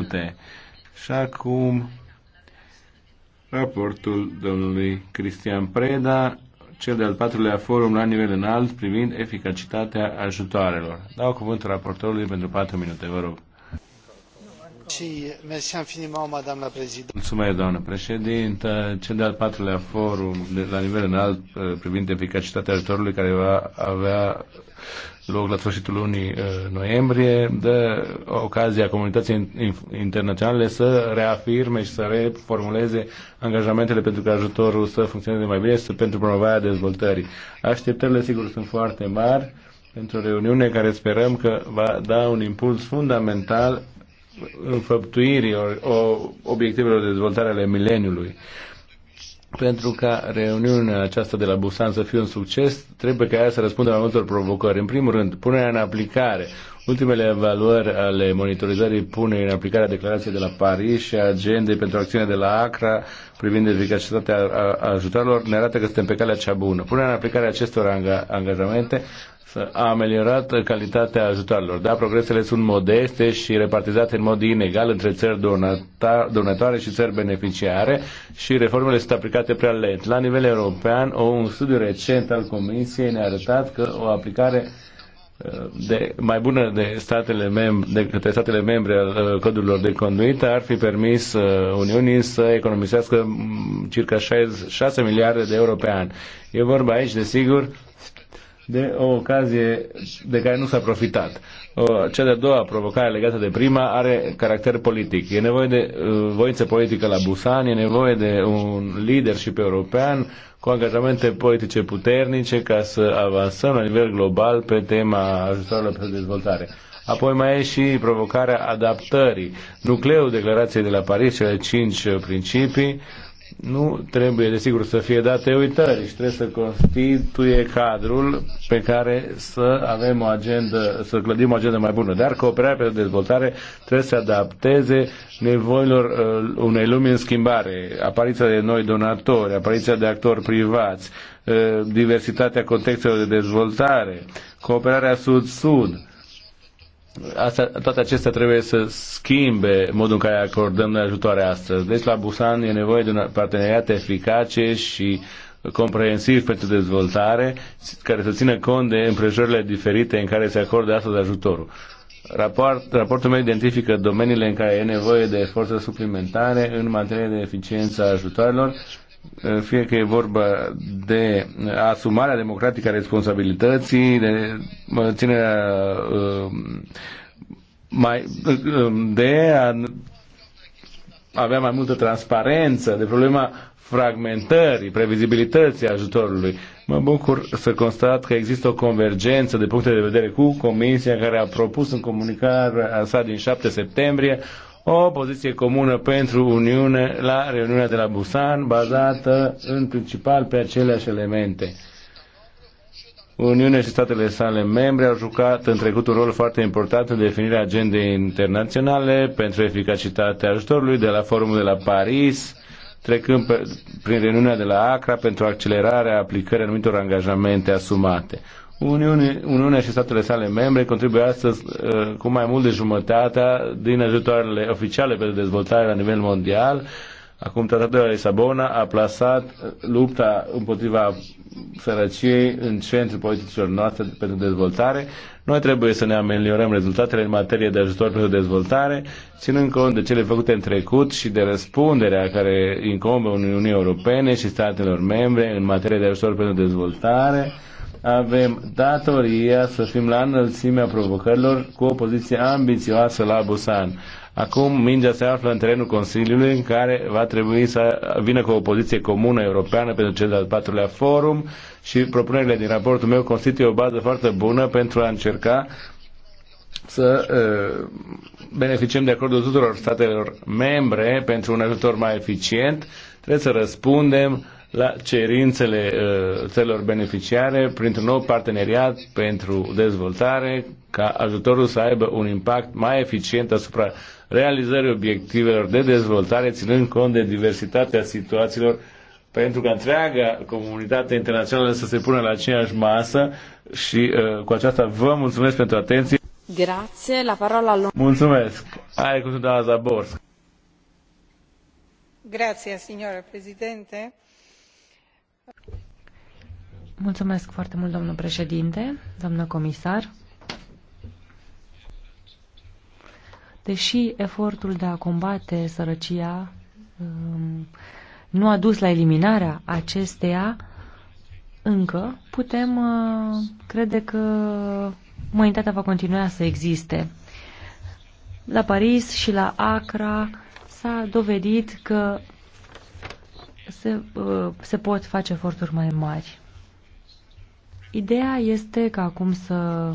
minute. Și acum raportul domnului Cristian Preda, cel de-al patrulea forum la nivel înalt privind eficacitatea ajutoarelor. Dau cuvântul raportorului pentru patru minute, vă rog. Mulțumesc, doamnă Cel de-al patrulea forum de, la nivel înalt uh, privind eficacitatea ajutorului care va avea loc la sfârșitul lunii uh, noiembrie, dă ocazia comunității internaționale să reafirme și să reformuleze angajamentele pentru că ajutorul să funcționeze mai bine și pentru promovarea dezvoltării. Așteptările, sigur, sunt foarte mari pentru o reuniune care sperăm că va da un impuls fundamental înfăptuirii obiectivelor de dezvoltare ale mileniului. Pentru ca reuniunea aceasta de la Busan să fie un succes, trebuie ca ea să răspundă la multor provocări. În primul rând, punerea în aplicare. Ultimele evaluări ale monitorizării pune în aplicare declarației de la Paris și agendei pentru acțiune de la Acra privind eficacitatea ajutorilor ne arată că suntem pe calea cea bună. Punerea în aplicare acestor angajamente a ameliorat calitatea ajutoarelor. Da, progresele sunt modeste și repartizate în mod inegal între țări donata, donatoare și țări beneficiare și reformele sunt aplicate prea lent. La nivel european, un studiu recent al Comisiei ne-a arătat că o aplicare uh, de, mai bună de, statele membre, de către statele membre al uh, codurilor de conduită ar fi permis uh, Uniunii să economisească mm, circa 6 miliarde de euro pe an. E vorba aici, desigur, de o ocazie de care nu s-a profitat. Cea de-a doua provocare legată de prima are caracter politic. E nevoie de uh, voință politică la Busan, e nevoie de un leadership european cu angajamente politice puternice ca să avansăm la nivel global pe tema ajutoarelor pentru dezvoltare. Apoi mai e și provocarea adaptării. Nucleul declarației de la Paris, cele cinci principii, nu trebuie, desigur, să fie date uitări și trebuie să constituie cadrul pe care să avem o agendă, să clădim o agendă mai bună. Dar cooperarea pe dezvoltare trebuie să adapteze nevoilor uh, unei lumi în schimbare, apariția de noi donatori, apariția de actori privați, uh, diversitatea contextelor de dezvoltare, cooperarea sud-sud, Asta, toate acestea trebuie să schimbe modul în care acordăm noi ajutoare astăzi. Deci la Busan e nevoie de un parteneriat eficace și comprehensiv pentru dezvoltare, care să țină cont de împrejurările diferite în care se acordă astăzi ajutorul. Raport, raportul meu identifică domeniile în care e nevoie de eforturi suplimentare în materie de eficiență a ajutoarelor fie că e vorba de asumarea democratică a responsabilității, de ținerea uh, mai, uh, de a avea mai multă transparență, de problema fragmentării, previzibilității ajutorului. Mă bucur să constat că există o convergență de puncte de vedere cu Comisia care a propus în comunicarea sa din 7 septembrie o poziție comună pentru Uniune la reuniunea de la Busan, bazată în principal pe aceleași elemente. Uniunea și statele sale membre au jucat în trecut un rol foarte important în definirea agendei internaționale pentru eficacitatea ajutorului de la forumul de la Paris, trecând pe, prin reuniunea de la Acra pentru accelerarea aplicării anumitor angajamente asumate. Uniune, Uniunea și statele sale membre contribuie astăzi uh, cu mai mult de jumătatea din ajutoarele oficiale pentru dezvoltare la nivel mondial. Acum tratatul de la Lisabona a plasat lupta împotriva sărăciei în centrul politicilor noastre pentru dezvoltare. Noi trebuie să ne ameliorăm rezultatele în materie de ajutor pentru dezvoltare, ținând cont de cele făcute în trecut și de răspunderea care incombe Uniunii Europene și statelor membre în materie de ajutor pentru dezvoltare avem datoria să fim la înălțimea provocărilor cu o poziție ambițioasă la Busan. Acum mingea se află în terenul Consiliului în care va trebui să vină cu o poziție comună europeană pentru cel de-al patrulea forum și propunerile din raportul meu constituie o bază foarte bună pentru a încerca să uh, beneficiem de acordul tuturor statelor membre pentru un ajutor mai eficient. Trebuie să răspundem uh, la cerințele uh, țărilor beneficiare printr-un nou parteneriat pentru dezvoltare ca ajutorul să aibă un impact mai eficient asupra realizării obiectivelor de dezvoltare, ținând cont de diversitatea situațiilor pentru ca întreaga comunitate internațională să se pună la aceeași masă și uh, cu aceasta vă mulțumesc pentru atenție. Grație, la parola lui. Mulțumesc. Are cu doamna Grazie, signora Presidente. Mulțumesc foarte mult, domnul președinte, doamnă comisar. Deși efortul de a combate sărăcia um, nu a dus la eliminarea acesteia, încă putem uh, crede că umanitatea va continua să existe. La Paris și la Accra s-a dovedit că se, uh, se pot face eforturi mai mari. Ideea este ca acum să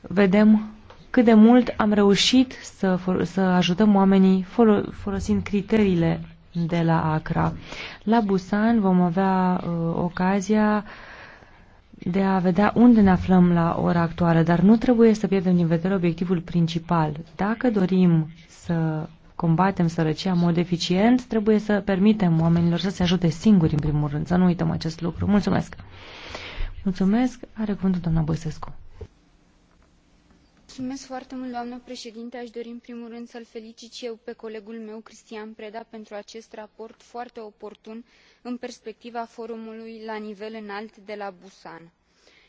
vedem cât de mult am reușit să, să ajutăm oamenii folosind criteriile de la ACRA. La Busan vom avea uh, ocazia de a vedea unde ne aflăm la ora actuală, dar nu trebuie să pierdem din vedere obiectivul principal. Dacă dorim să combatem sărăcia în mod eficient, trebuie să permitem oamenilor să se ajute singuri, în primul rând, să nu uităm acest lucru. Mulțumesc! Mulțumesc! Are cuvântul doamna Băsescu. Mulțumesc foarte mult, doamnă președinte. Aș dori în primul rând să-l felicit și eu pe colegul meu, Cristian Preda, pentru acest raport foarte oportun în perspectiva forumului la nivel înalt de la Busan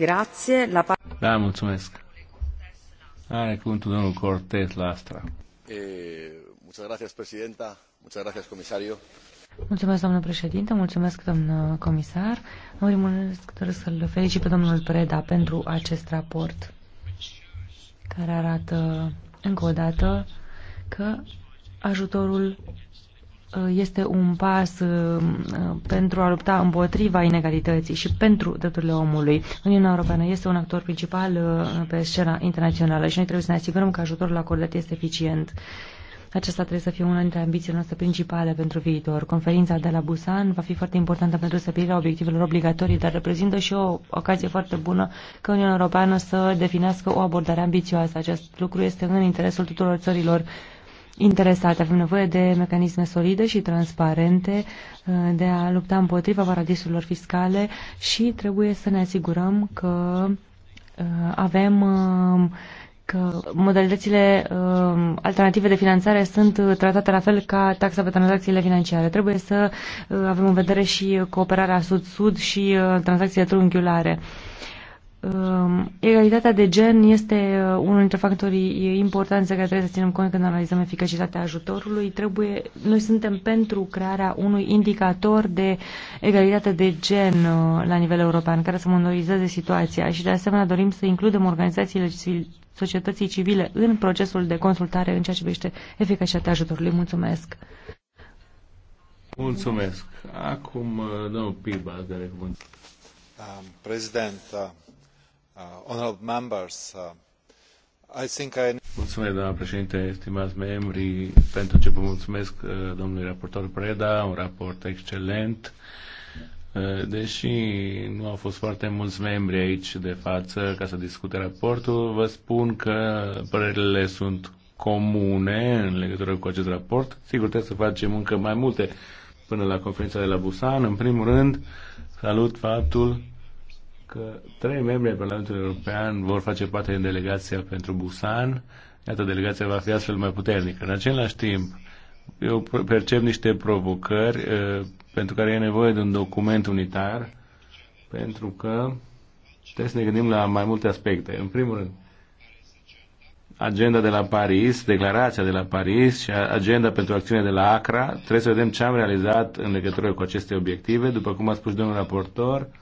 Grazie. La... Da, mulțumesc. Are cuvântul domnul Cortez Lastra. E, eh, muchas gracias, presidenta. Muchas gracias, comisario. Mulțumesc, domnule președinte, mulțumesc, domnul comisar. În primul rând, doresc să-l felicit pe domnul Preda pentru acest raport care arată încă o dată că ajutorul Uh, este un pas uh, uh, pentru a lupta împotriva inegalității și pentru drepturile omului. Uniunea Europeană este un actor principal pe scena internațională și noi trebuie să ne asigurăm că ajutorul acordat este eficient. Aceasta trebuie să fie una dintre ambițiile noastre principale pentru viitor. Conferința de la Busan va fi foarte importantă pentru stabilirea obiectivelor obligatorii, dar reprezintă și o ocazie foarte bună ca Uniunea Europeană să definească o abordare ambițioasă. Acest lucru este în interesul tuturor țărilor interesate. Avem nevoie de mecanisme solide și transparente uh, de a lupta împotriva paradisurilor fiscale și trebuie să ne asigurăm că uh, avem uh, că modalitățile uh, alternative de finanțare sunt tratate la fel ca taxa pe tranzacțiile financiare. Trebuie să uh, avem în vedere și cooperarea sud-sud și uh, tranzacțiile trunghiulare. Uh, Um, egalitatea de gen este uh, unul dintre factorii importanți care trebuie să ținem cont când analizăm eficacitatea ajutorului. Trebuie, noi suntem pentru crearea unui indicator de egalitate de gen uh, la nivel european care să monitorizeze situația și de asemenea dorim să includem organizațiile societății civile în procesul de consultare în ceea ce privește eficacitatea ajutorului. Mulțumesc! Mulțumesc! Acum, uh, domnul Piba, de cuvânt. Prezident, da. Uh, honourable members, uh, Mulțumesc, doamna președinte, stimați membri, pentru ce vă mulțumesc uh, domnului raportor Preda, un raport excelent. Deși nu au fost foarte mulți membri aici de față ca să discute raportul, vă spun că părerile sunt comune în legătură cu acest raport. Sigur, trebuie să facem încă mai multe până la conferința de la Busan. În primul rând, salut faptul că trei membri ai Parlamentului European vor face parte din delegația pentru Busan. Iată, delegația va fi astfel mai puternică. În același timp, eu percep niște provocări uh, pentru care e nevoie de un document unitar, pentru că trebuie să ne gândim la mai multe aspecte. În primul rând, agenda de la Paris, declarația de la Paris și agenda pentru acțiune de la Acra. Trebuie să vedem ce am realizat în legătură cu aceste obiective. După cum a spus domnul raportor, uh,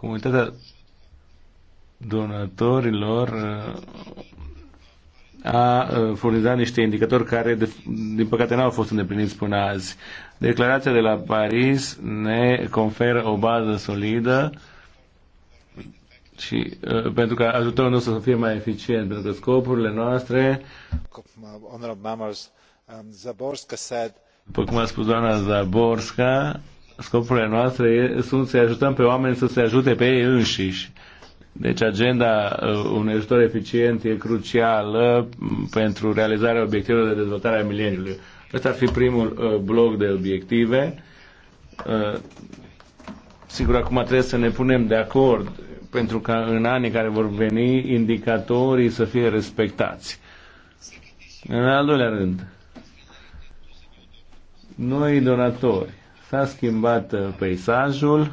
comunitatea donatorilor uh, a uh, furnizat niște indicatori care, din păcate, n-au fost îndepliniți până azi. Declarația de la Paris ne conferă o bază solidă și uh, pentru că ajutorul nostru să fie mai eficient, pentru că scopurile noastre, după cum a spus doamna Zaborska, scopurile noastre sunt să ajutăm pe oameni să se ajute pe ei înșiși. Deci agenda uh, unui ajutor eficient e crucială pentru realizarea obiectivelor de dezvoltare a mileniului. Ăsta ar fi primul uh, bloc de obiective. Uh, sigur, acum trebuie să ne punem de acord pentru că în anii care vor veni indicatorii să fie respectați. În al doilea rând, noi donatori S-a schimbat uh, peisajul.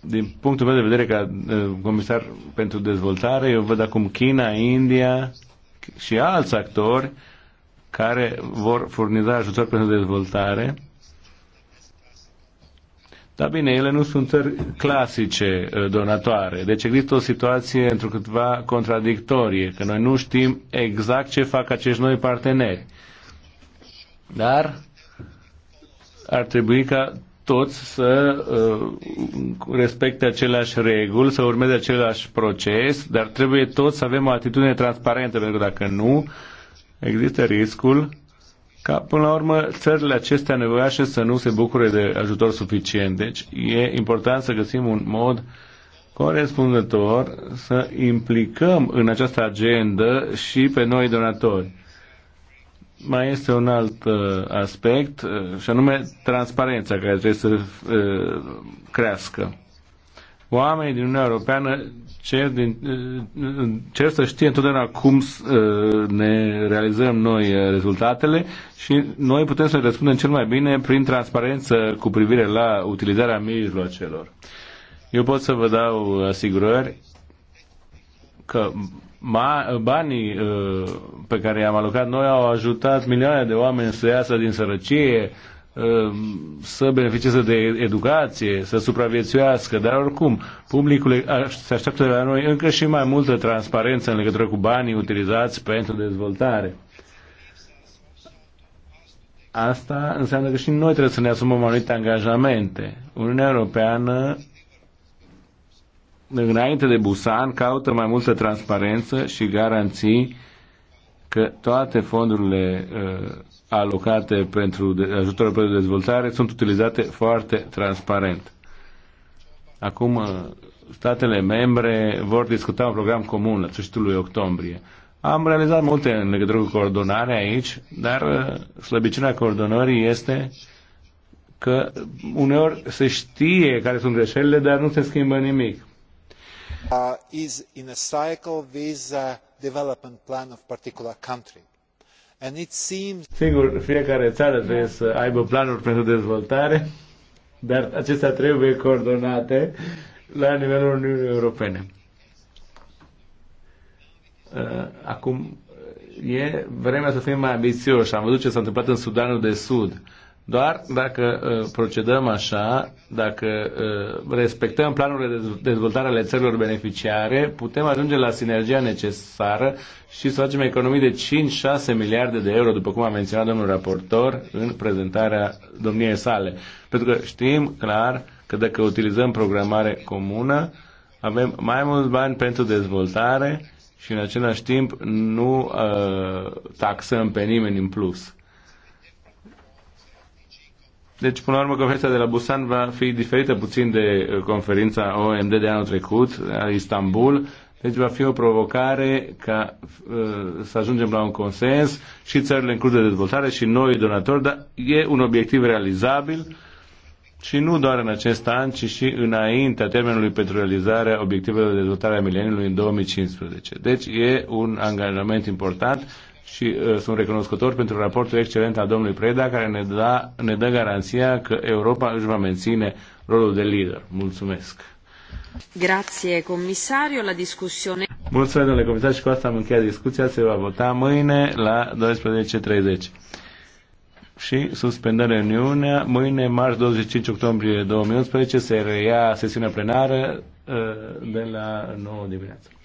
Din punctul meu de vedere ca uh, comisar pentru dezvoltare, eu văd acum China, India și alți actori care vor furniza ajutor pentru dezvoltare. Dar bine, ele nu sunt țări clasice uh, donatoare, deci există o situație într-o câtva contradictorie, că noi nu știm exact ce fac acești noi parteneri. Dar ar trebui ca toți să uh, respecte aceleași reguli, să urmeze același proces, dar trebuie toți să avem o atitudine transparentă, pentru că dacă nu, există riscul ca, până la urmă, țările acestea nevoiașe să nu se bucure de ajutor suficient. Deci e important să găsim un mod corespunzător să implicăm în această agendă și pe noi donatori mai este un alt uh, aspect, uh, și anume transparența care trebuie să uh, crească. Oamenii din Uniunea Europeană cer, din, uh, cer să știe întotdeauna cum uh, ne realizăm noi uh, rezultatele și noi putem să răspundem cel mai bine prin transparență cu privire la utilizarea mijloacelor. Eu pot să vă dau asigurări că ma, banii uh, pe care i-am alocat noi au ajutat milioane de oameni să iasă din sărăcie, uh, să beneficieze de educație, să supraviețuiască, dar oricum publicul se așteaptă de la noi încă și mai multă transparență în legătură cu banii utilizați pentru dezvoltare. Asta înseamnă că și noi trebuie să ne asumăm anumite angajamente. Uniunea Europeană înainte de Busan, caută mai multă transparență și garanții că toate fondurile uh, alocate pentru de, ajutorul pentru dezvoltare sunt utilizate foarte transparent. Acum, uh, statele membre vor discuta un program comun la sfârșitul lui octombrie. Am realizat multe în legătură cu coordonarea aici, dar uh, slăbiciunea coordonării este că uneori se știe care sunt greșelile, dar nu se schimbă nimic. Uh, is in a cycle with the development plan of particular country. And it seems... Sigur, fiecare țară trebuie să aibă planuri pentru dezvoltare, dar acestea trebuie coordonate la nivelul Uniunii Europene. Uh, acum, e vremea să fim mai ambițioși. Am văzut ce s-a întâmplat în Sudanul de Sud doar dacă uh, procedăm așa, dacă uh, respectăm planurile de dezvoltare ale țărilor beneficiare, putem ajunge la sinergia necesară și să facem economii de 5-6 miliarde de euro, după cum a menționat domnul raportor în prezentarea domniei sale. Pentru că știm clar că dacă utilizăm programare comună, avem mai mulți bani pentru dezvoltare și în același timp nu uh, taxăm pe nimeni în plus. Deci, până la urmă, conferința de la Busan va fi diferită puțin de uh, conferința OMD de anul trecut, la Istanbul. Deci va fi o provocare ca uh, să ajungem la un consens și țările în curs de dezvoltare și noi donatori, dar e un obiectiv realizabil și nu doar în acest an, ci și înaintea termenului pentru realizarea obiectivelor de dezvoltare a mileniului în 2015. Deci e un angajament important și uh, sunt recunoscător pentru raportul excelent al domnului Preda, care ne, da, ne dă garanția că Europa își va menține rolul de lider. Mulțumesc! Grazie, comisario. La discussione... Mulțumesc, domnule comisar, și cu asta am încheiat discuția. Se va vota mâine la 12.30. Și suspendăm reuniunea. Mâine, marți 25 octombrie 2011, se reia sesiunea plenară uh, de la 9 dimineața.